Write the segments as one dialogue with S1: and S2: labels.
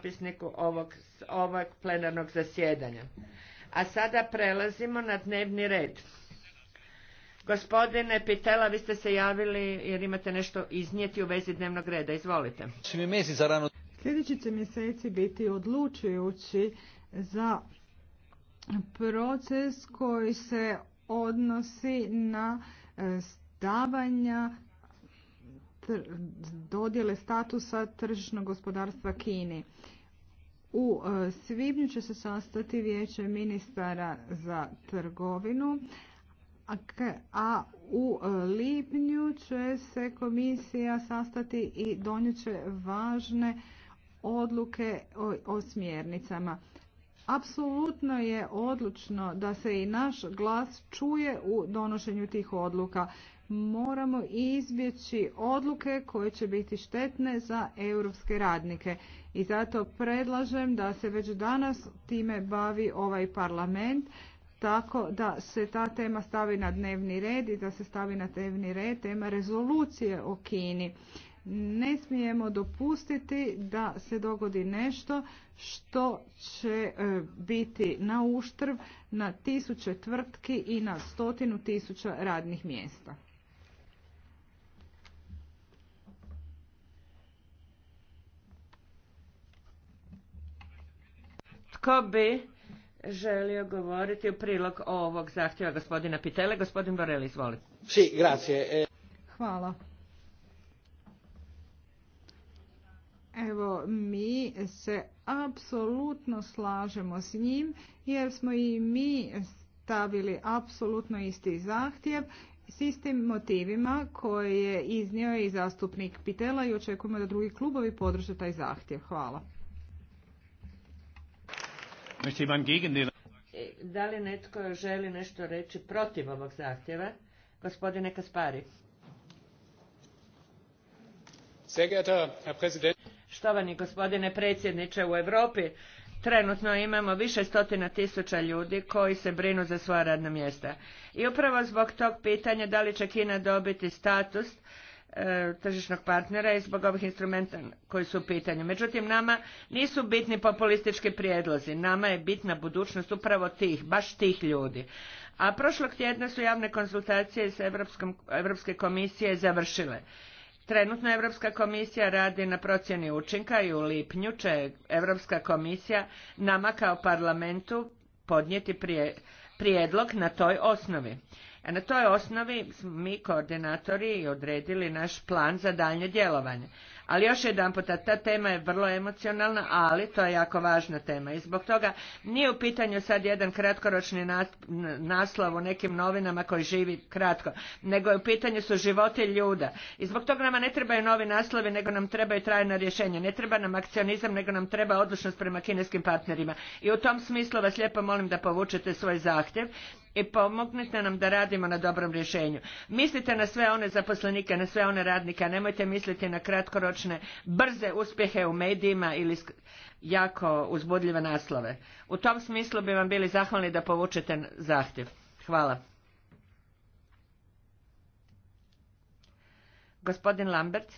S1: zapisniku ovog, ovog plenarnog zasjedanja. A sada prelazimo na dnevni red. Gospodine Pitela, vi ste se javili jer imate nešto iznijeti u vezi dnevnog reda. Izvolite.
S2: Sljedeći će mjeseci biti odlučujući za proces koji se odnosi na e, stavanja dodjele statusa tržišnog gospodarstva Kini. U e, svibnju će se sastati vijeće ministara za trgovinu, a u e, lipnju će se komisija sastati i donijet važne odluke o smjernicama. Apsolutno je odlučno da se i naš glas čuje u donošenju tih odluka moramo izbjeći odluke koje će biti štetne za europske radnike. I zato predlažem da se već danas time bavi ovaj parlament tako da se ta tema stavi na dnevni red i da se stavi na dnevni red tema rezolucije o Kini. Ne smijemo dopustiti da se dogodi nešto što će e, biti na uštrv na tisuće tvrtki i na stotinu tisuća radnih mjesta.
S1: Tko bi želio govoriti u prilog ovog zahtjeva gospodina Pitele? Gospodin Borelli, izvolite. Si, grazie. E,
S2: Hvala. Evo, mi se apsolutno slažemo s njim jer smo i mi stavili apsolutno isti zahtjev s istim motivima koje je iznio i zastupnik Pitela i očekujemo da drugi klubovi podrže taj zahtjev. Hvala. E, da
S1: li netko želi nešto reći protiv ovog zahtjeva? Gospodine Kaspari. Štovani gospodine predsjedniče, u Europi trenutno imamo više stotina tisuća ljudi koji se brinu za svoja radna mjesta. I upravo zbog tog pitanja da li će Kina dobiti status E, tržišnog partnera i zbog ovih instrumenta koji su u pitanju. Međutim, nama nisu bitni populistički prijedlozi, nama je bitna budućnost upravo tih, baš tih ljudi. A prošlog tjedna su javne konzultacije s Evropskom, Evropske komisije završile. Trenutno Europska komisija radi na procjeni učinka i u lipnju će Europska komisija nama kao parlamentu podnijeti prije prijedlog na toj osnovi. A e, na toj osnovi smo mi koordinatori odredili naš plan za daljnje djelovanje. Ali još jedan puta, ta tema je vrlo emocionalna, ali to je jako važna tema i zbog toga nije u pitanju sad jedan kratkoročni naslov u nekim novinama koji živi kratko, nego je u pitanju su živote ljuda. I zbog toga nama ne trebaju novi naslovi, nego nam trebaju trajna rješenja. Ne treba nam akcionizam, nego nam treba odlučnost prema kineskim partnerima. I u tom smislu vas lijepo molim da povučete svoj zahtjev i pomognite nam da radimo na dobrom rješenju. Mislite na sve one zaposlenike, na sve one radnike, a nemojte misliti na kratkoročne, brze uspjehe u medijima ili jako uzbudljive naslove. U tom smislu bi vam bili zahvalni da povučete zahtjev. Hvala.
S2: Gospodin Lambert.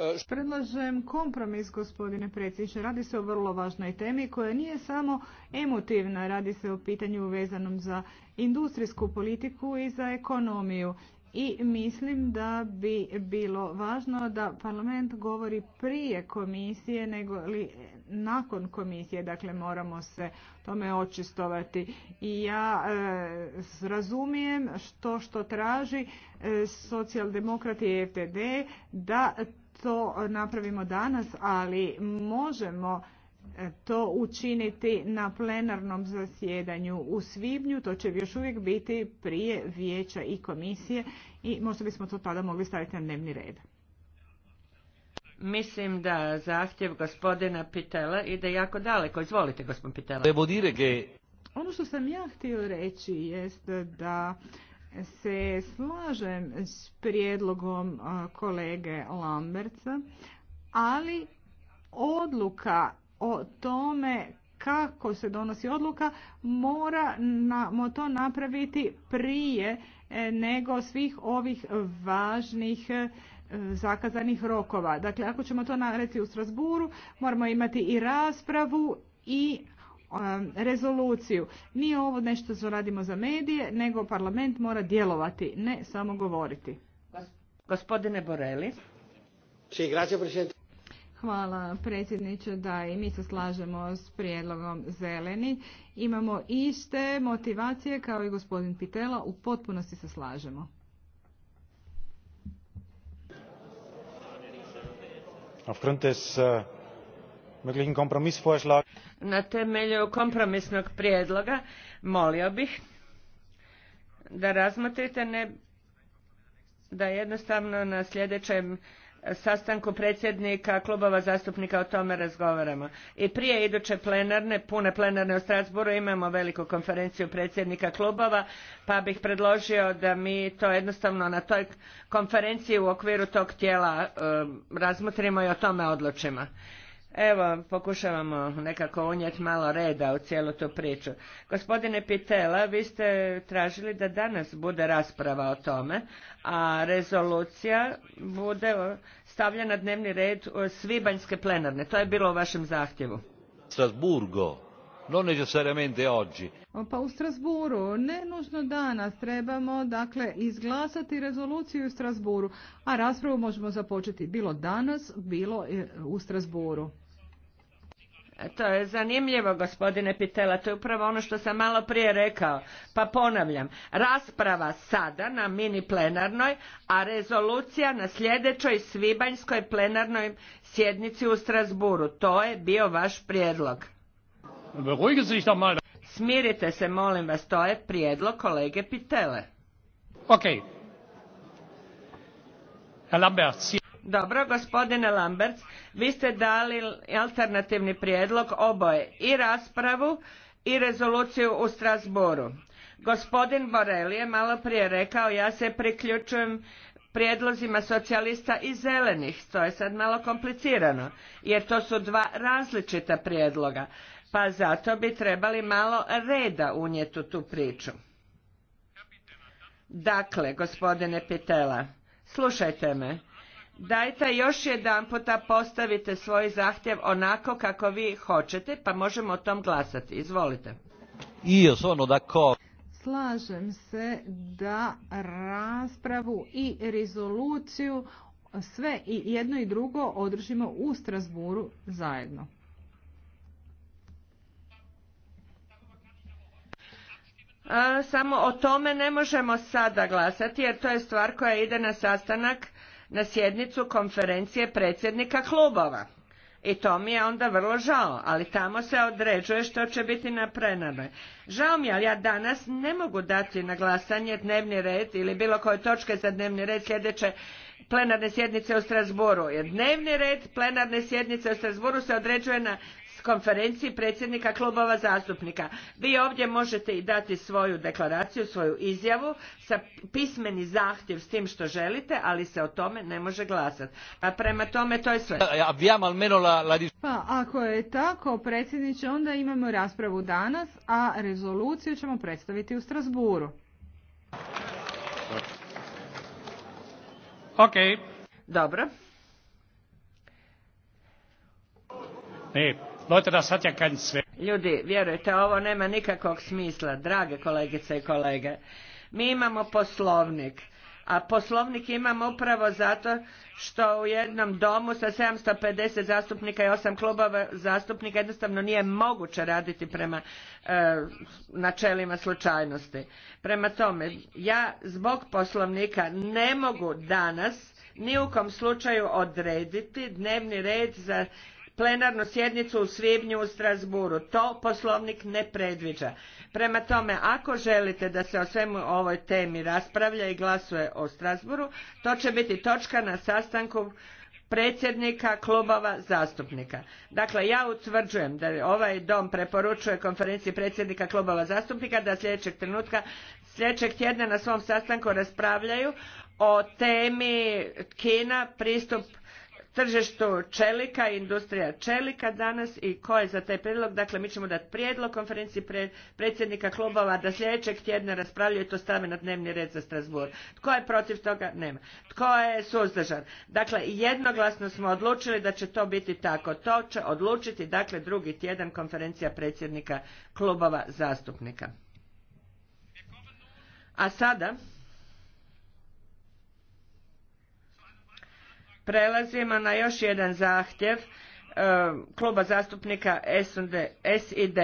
S2: E, predlažem kompromis, gospodine predsjedniče. Radi se o vrlo važnoj temi koja nije samo emotivna. Radi se o pitanju vezanom za industrijsku politiku i za ekonomiju. I mislim da bi bilo važno da parlament govori prije komisije nego li nakon komisije. Dakle, moramo se tome očistovati. I ja e, razumijem što što traži e, socijaldemokrati i FTD da to napravimo danas, ali možemo e, to učiniti na plenarnom zasjedanju u svibnju. To će još uvijek biti prije vijeća i komisije i možda bismo to tada mogli staviti na dnevni red.
S1: Mislim da zahtjev gospodina Pitela ide jako daleko. Izvolite, gospodin Pitela.
S2: Ono što sam ja htio reći jest da se slažem s prijedlogom kolege Lamberca, ali odluka o tome kako se donosi odluka mora na, to napraviti prije e, nego svih ovih važnih e, zakazanih rokova. Dakle, ako ćemo to narediti u Strasburu, moramo imati i raspravu i rezoluciju. Nije ovo nešto što radimo za medije, nego parlament mora djelovati, ne samo govoriti. Gospodine Boreli. Hvala predsjedniče da i mi se slažemo s prijedlogom zeleni. Imamo iste motivacije kao i gospodin Pitela, u potpunosti se slažemo.
S1: Na temelju kompromisnog prijedloga molio bih da razmotrite ne, da jednostavno na sljedećem sastanku predsjednika klubova zastupnika o tome razgovaramo. I prije iduće plenarne, pune plenarne u Strasburu imamo veliku konferenciju predsjednika klubova, pa bih predložio da mi to jednostavno na toj konferenciji u okviru tog tijela eh, razmotrimo i o tome odlučimo. Evo, pokušavamo nekako unijeti malo reda u cijelu tu priču. Gospodine Pitela, vi ste tražili da danas bude rasprava o tome, a rezolucija bude stavljena na dnevni red svibanjske plenarne. To je bilo u vašem zahtjevu.
S2: Strasburgo non necessariamente oggi. Pa u Strasburu, ne nužno danas, trebamo dakle izglasati rezoluciju u Strasburu, a raspravu možemo započeti bilo danas, bilo e, u Strasburu. To je
S1: zanimljivo, gospodine Pitela, to je upravo ono što sam malo prije rekao. Pa ponavljam, rasprava sada na mini plenarnoj, a rezolucija na sljedećoj svibanjskoj plenarnoj sjednici u Strasburu. To je bio vaš prijedlog. Beruhige mal. Smirite se, molim vas, to je prijedlog kolege Pitele. Ok. dobro, gospodine Lamberts, vi ste dali alternativni prijedlog oboje, i raspravu i rezoluciju u Strasboru. Gospodin Borel je malo prije rekao, ja se priključujem prijedlozima socijalista i zelenih, to je sad malo komplicirano, jer to su dva različita prijedloga pa zato bi trebali malo reda unijeti u tu priču. Dakle, gospodine Pitela, slušajte me. Dajte još jedan puta postavite svoj zahtjev onako kako vi hoćete, pa možemo o tom glasati. Izvolite.
S2: Io sono Slažem se da raspravu i rezoluciju sve i jedno i drugo održimo u Strasburu zajedno. samo o tome ne
S1: možemo sada glasati jer to je stvar koja ide na sastanak na sjednicu konferencije predsjednika klubova. I to mi je onda vrlo žao, ali tamo se određuje što će biti na plenarnoj. Žao mi je, ali ja danas ne mogu dati na glasanje dnevni red ili bilo koje točke za dnevni red sljedeće plenarne sjednice u Strasboru. Jer dnevni red plenarne sjednice u Strasboru se određuje na konferenciji predsjednika klubova zastupnika. Vi ovdje možete i dati svoju deklaraciju, svoju izjavu sa pismeni zahtjev s tim što želite, ali se o tome ne može glasati. Pa prema tome to je sve.
S2: Pa ako je tako predsjedniče, onda imamo raspravu danas, a rezoluciju ćemo predstaviti u Strasburu.
S1: Ok. Dobro. Ne, Ljudi, vjerujte, ovo nema nikakvog smisla, drage kolegice i kolege. Mi imamo poslovnik, a poslovnik imamo upravo zato što u jednom domu sa 750 zastupnika i 8 klubova zastupnika jednostavno nije moguće raditi prema e, načelima slučajnosti. Prema tome, ja zbog poslovnika ne mogu danas ni u kom slučaju odrediti dnevni red za plenarnu sjednicu u svibnju u Strasburu. To poslovnik ne predviđa. Prema tome, ako želite da se o svemu ovoj temi raspravlja i glasuje o Strasburu, to će biti točka na sastanku predsjednika klubova zastupnika. Dakle, ja utvrđujem da ovaj dom preporučuje konferenciji predsjednika klubova zastupnika da sljedećeg trenutka, sljedećeg tjedna na svom sastanku raspravljaju o temi Kina, pristup tržištu čelika, industrija čelika danas i ko je za taj prijedlog. Dakle, mi ćemo dati prijedlog konferenciji predsjednika klubova da sljedećeg tjedna raspravljaju i to stave na dnevni red za Strasbourg. Tko je protiv toga? Nema. Tko je suzdržan? Dakle, jednoglasno smo odlučili da će to biti tako. To će odlučiti, dakle, drugi tjedan konferencija predsjednika klubova zastupnika. A sada... Prelazimo na još jedan zahtjev e, kluba zastupnika SID.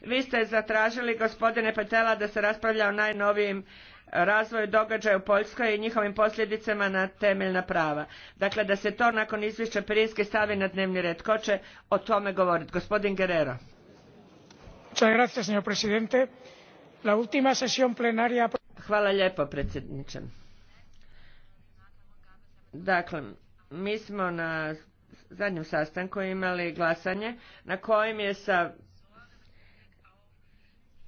S1: Vi ste zatražili gospodine Petela da se raspravlja o najnovijim razvoju događaja u Poljskoj i njihovim posljedicama na temeljna prava. Dakle, da se to nakon izvješća Pirinske stavi na dnevni red. Ko će o tome govoriti? Gospodin Guerrero. Hvala lijepo, predsjedniče. Dakle, mi smo na zadnjem sastanku imali glasanje na kojem je sa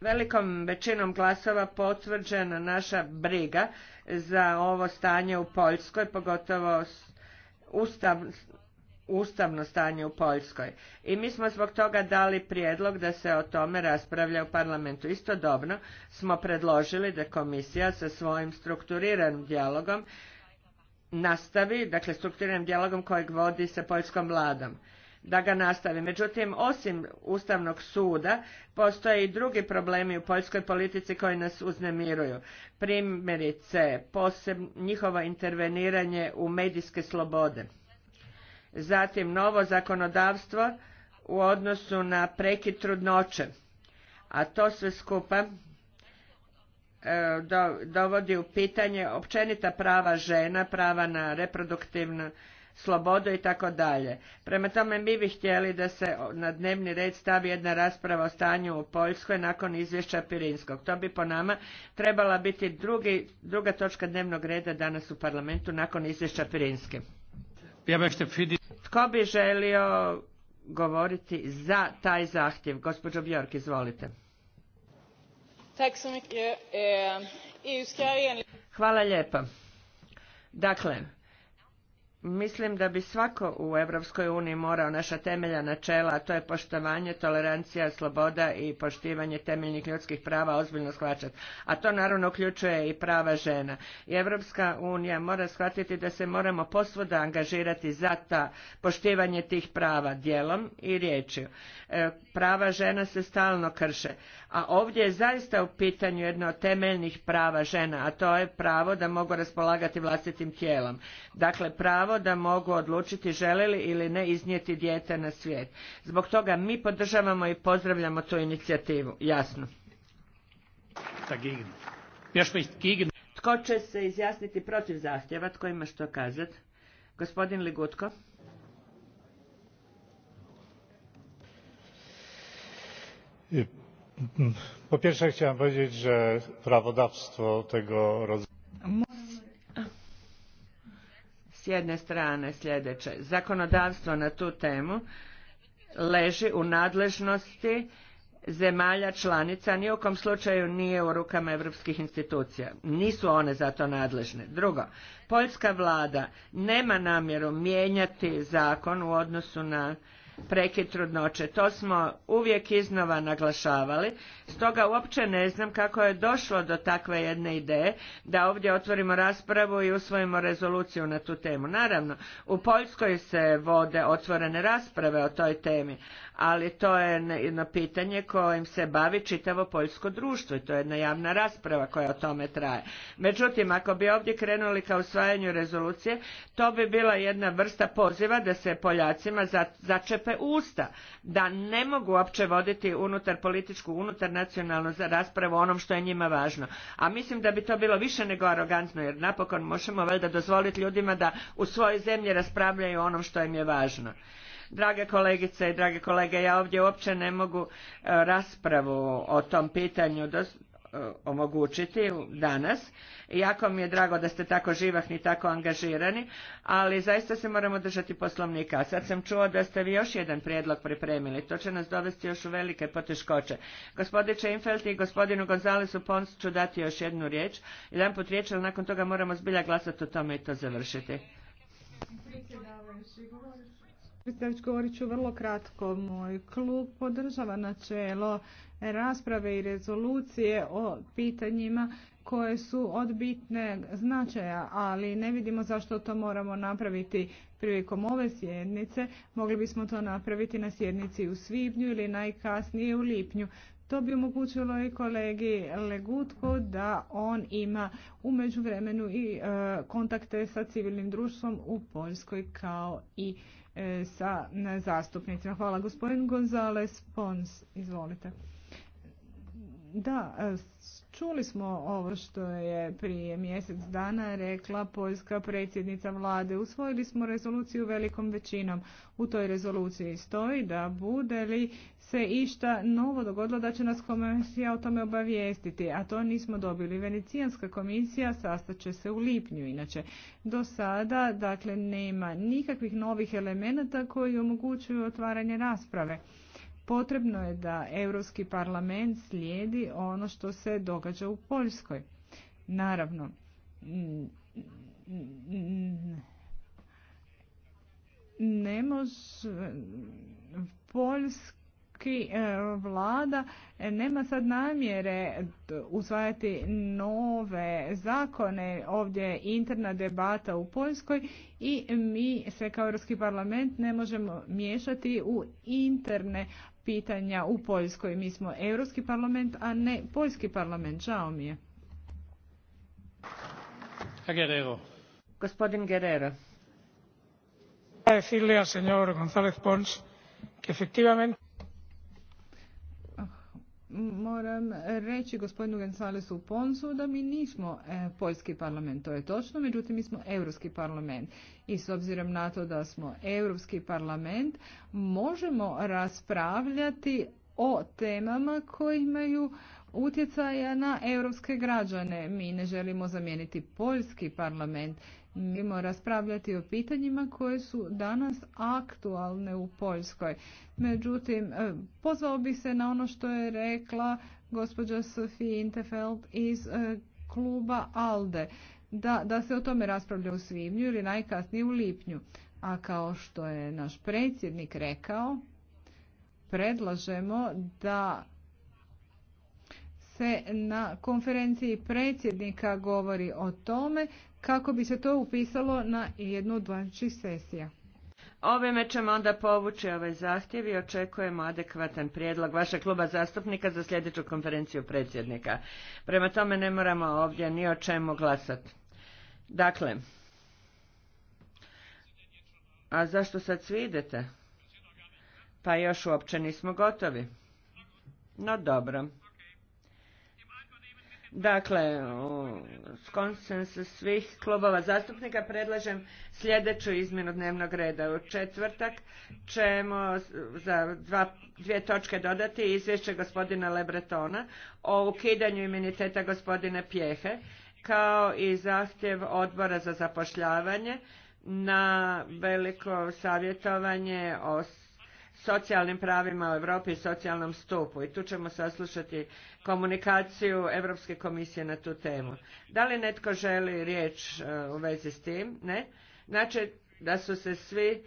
S1: velikom većinom glasova potvrđena naša briga za ovo stanje u Poljskoj, pogotovo ustavno stanje u Poljskoj. I mi smo zbog toga dali prijedlog da se o tome raspravlja u parlamentu. Istodobno smo predložili da komisija sa svojim strukturiranim dijalogom nastavi, dakle strukturiranim dijalogom kojeg vodi sa poljskom vladom da ga nastavi. Međutim, osim Ustavnog suda, postoje i drugi problemi u poljskoj politici koji nas uznemiruju. Primjerice, posebno njihovo interveniranje u medijske slobode. Zatim, novo zakonodavstvo u odnosu na prekid trudnoće. A to sve skupa E, dovodi u pitanje općenita prava žena, prava na reproduktivnu slobodu i tako dalje. Prema tome mi bi htjeli da se na dnevni red stavi jedna rasprava o stanju u Poljskoj nakon izvješća Pirinskog. To bi po nama trebala biti drugi, druga točka dnevnog reda danas u parlamentu nakon izvješća Pirinske. Tko bi želio govoriti za taj zahtjev? Gospođo Bjork, izvolite.
S2: Eh, e
S1: Hvala lijepa. Dakle, Mislim da bi svako u Europskoj uniji morao naša temelja načela, a to je poštovanje, tolerancija, sloboda i poštivanje temeljnih ljudskih prava ozbiljno shvaćati. A to naravno uključuje i prava žena. I Europska unija mora shvatiti da se moramo posvuda angažirati za ta poštivanje tih prava dijelom i riječju. E, prava žena se stalno krše, a ovdje je zaista u pitanju jedno od temeljnih prava žena, a to je pravo da mogu raspolagati vlastitim tijelom. Dakle, pravo pravo da mogu odlučiti žele li ili ne iznijeti dijete na svijet. Zbog toga mi podržavamo i pozdravljamo tu inicijativu. Jasno. Tko će se izjasniti protiv zahtjeva? Tko ima što kazati? Gospodin Ligutko.
S2: Mm, po pierwsze chciałem powiedzieć, że prawodawstwo tego rodzaju
S1: s jedne strane sljedeće. Zakonodavstvo na tu temu leži u nadležnosti zemalja članica, ni u kom slučaju nije u rukama europskih institucija. Nisu one za to nadležne. Drugo, poljska vlada nema namjeru mijenjati zakon u odnosu na prekid trudnoće. To smo uvijek iznova naglašavali, stoga uopće ne znam kako je došlo do takve jedne ideje da ovdje otvorimo raspravu i usvojimo rezoluciju na tu temu. Naravno, u Poljskoj se vode otvorene rasprave o toj temi, ali to je jedno pitanje kojim se bavi čitavo poljsko društvo i to je jedna javna rasprava koja o tome traje. Međutim, ako bi ovdje krenuli ka usvajanju rezolucije, to bi bila jedna vrsta poziva da se Poljacima začepe usta, da ne mogu uopće voditi unutar političku, unutar nacionalnu za raspravu o onom što je njima važno. A mislim da bi to bilo više nego arogantno, jer napokon možemo valjda dozvoliti ljudima da u svojoj zemlji raspravljaju o onom što im je važno. Drage kolegice i drage kolege, ja ovdje uopće ne mogu e, raspravu o tom pitanju E, omogućiti danas. Jako mi je drago da ste tako živahni, tako angažirani, ali zaista se moramo držati poslovnika. Sad sam čuo da ste vi još jedan prijedlog pripremili. To će nas dovesti još u velike poteškoće. Gospodin Čeinfeld i gospodinu Gonzalesu Pons ću dati još jednu riječ. Jedan put riječ, ali nakon toga moramo zbilja glasati o tome i to završiti.
S2: Predstavljač govorit ću vrlo kratko. Moj klub podržava načelo rasprave i rezolucije o pitanjima koje su od bitne značaja, ali ne vidimo zašto to moramo napraviti prilikom ove sjednice. Mogli bismo to napraviti na sjednici u svibnju ili najkasnije u lipnju. To bi omogućilo i kolegi Legutko da on ima u međuvremenu i e, kontakte sa civilnim društvom u Poljskoj kao i E, sa zastupnicima. Hvala. Gospodin Gonzales Pons, izvolite. Da, e, Čuli smo ovo što je prije mjesec dana rekla poljska predsjednica vlade. Usvojili smo rezoluciju velikom većinom. U toj rezoluciji stoji da bude li se išta novo dogodilo da će nas komisija o tome obavijestiti, a to nismo dobili. Venecijanska komisija sastaće se u lipnju, inače do sada dakle nema nikakvih novih elemenata koji omogućuju otvaranje rasprave. Potrebno je da Europski parlament slijedi ono što se događa u Poljskoj. Naravno, ne može poljski e, vlada nema sad namjere usvajati nove zakone. Ovdje je interna debata u Poljskoj i mi se kao Europski parlament ne možemo miješati u interne pitanja u Poljskoj. Mi smo Europski parlament, a ne Poljski parlament. Žao mi je. Guerrero. Gospodin Guerrero. Decirle al señor González Pons que efectivamente moram reći gospodinu Gensalesu Ponsu da mi nismo e, poljski parlament, to je točno, međutim mi smo europski parlament. I s obzirom na to da smo europski parlament, možemo raspravljati o temama koje imaju utjecaja na europske građane. Mi ne želimo zamijeniti poljski parlament, mimo mm. raspravljati o pitanjima koje su danas aktualne u Poljskoj. Međutim, e, pozvao bi se na ono što je rekla gospođa Sofie Interfeld iz e, kluba ALDE. Da, da se o tome raspravlja u svibnju ili najkasnije u lipnju. A kao što je naš predsjednik rekao, predlažemo da se na konferenciji predsjednika govori o tome kako bi se to upisalo na jednu od sesija.
S1: Ovime ćemo onda povući ovaj zahtjev i očekujemo adekvatan prijedlog vašeg kluba zastupnika za sljedeću konferenciju predsjednika. Prema tome ne moramo ovdje ni o čemu glasati. Dakle, a zašto sad svi idete? Pa još uopće nismo gotovi. No dobro. Dakle, s konsensu svih klubova zastupnika predlažem sljedeću izmjenu dnevnog reda. U četvrtak ćemo za dva, dvije točke dodati izvješće gospodina Lebretona o ukidanju imuniteta gospodine Pjehe kao i zahtjev odbora za zapošljavanje na veliko savjetovanje o socijalnim pravima u Europi i socijalnom stupu. I tu ćemo saslušati komunikaciju Europske komisije na tu temu. Da li netko želi riječ e, u vezi s tim? Ne? Znači da su se svi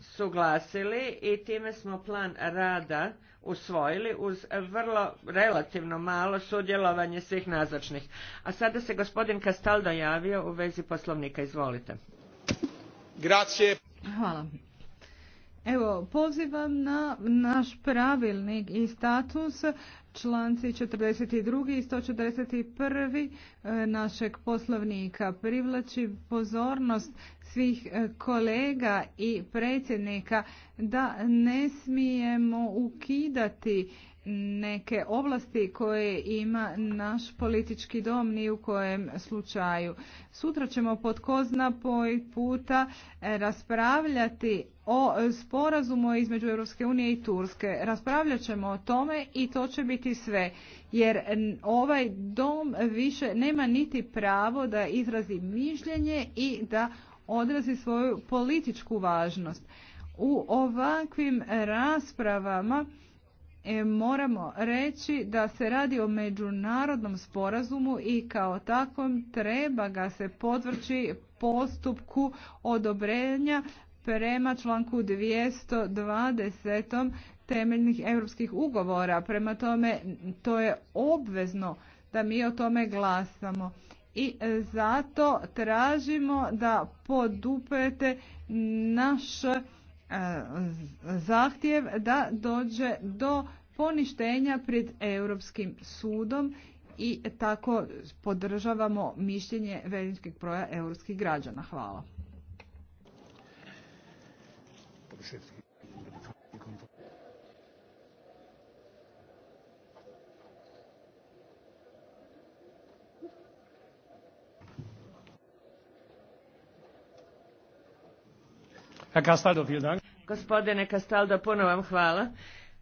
S1: suglasili i time smo plan rada usvojili uz vrlo relativno malo sudjelovanje svih nazočnih. A sada se gospodin Castaldo javio u vezi poslovnika. Izvolite.
S2: Hvala Evo, pozivam na naš pravilnik i status članci 42. i 141. E, našeg poslovnika. Privlači pozornost svih e, kolega i predsjednika da ne smijemo ukidati neke ovlasti koje ima naš politički dom ni u kojem slučaju. Sutra ćemo pod kozna poj puta e, raspravljati o sporazumu između Europske unije i Turske. Raspravljat ćemo o tome i to će biti sve. Jer ovaj dom više nema niti pravo da izrazi mišljenje i da odrazi svoju političku važnost. U ovakvim raspravama E, moramo reći da se radi o međunarodnom sporazumu i kao takvom treba ga se podvrći postupku odobrenja prema članku 220 temeljnih europskih ugovora. Prema tome, to je obvezno da mi o tome glasamo. I zato tražimo da podupete naš E, zahtjev da dođe do poništenja pred Europskim sudom i tako podržavamo mišljenje velikog proja europskih građana. Hvala.
S1: Gospodine Castaldo, puno vam hvala.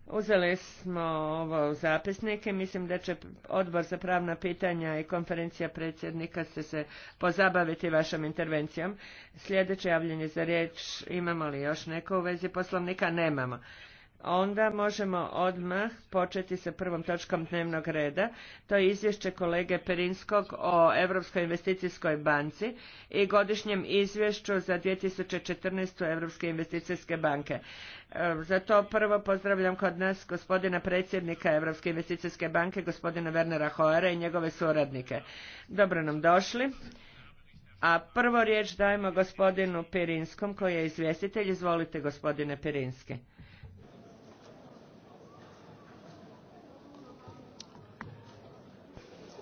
S1: Uzeli smo ovo u zapisnike, mislim da će odbor za pravna pitanja i konferencija predsjednika se pozabaviti vašom intervencijom. Sljedeće javljenje za riječ, imamo li još neko u vezi poslovnika? Nemamo onda možemo odmah početi sa prvom točkom dnevnog reda. To je izvješće kolege Perinskog o Europskoj investicijskoj banci i godišnjem izvješću za 2014. Europske investicijske banke. E, za to prvo pozdravljam kod nas gospodina predsjednika Europske investicijske banke, gospodina Wernera Hoera i njegove suradnike. Dobro nam došli. A prvo riječ dajemo gospodinu Pirinskom koji je izvjestitelj. Izvolite gospodine Perinski.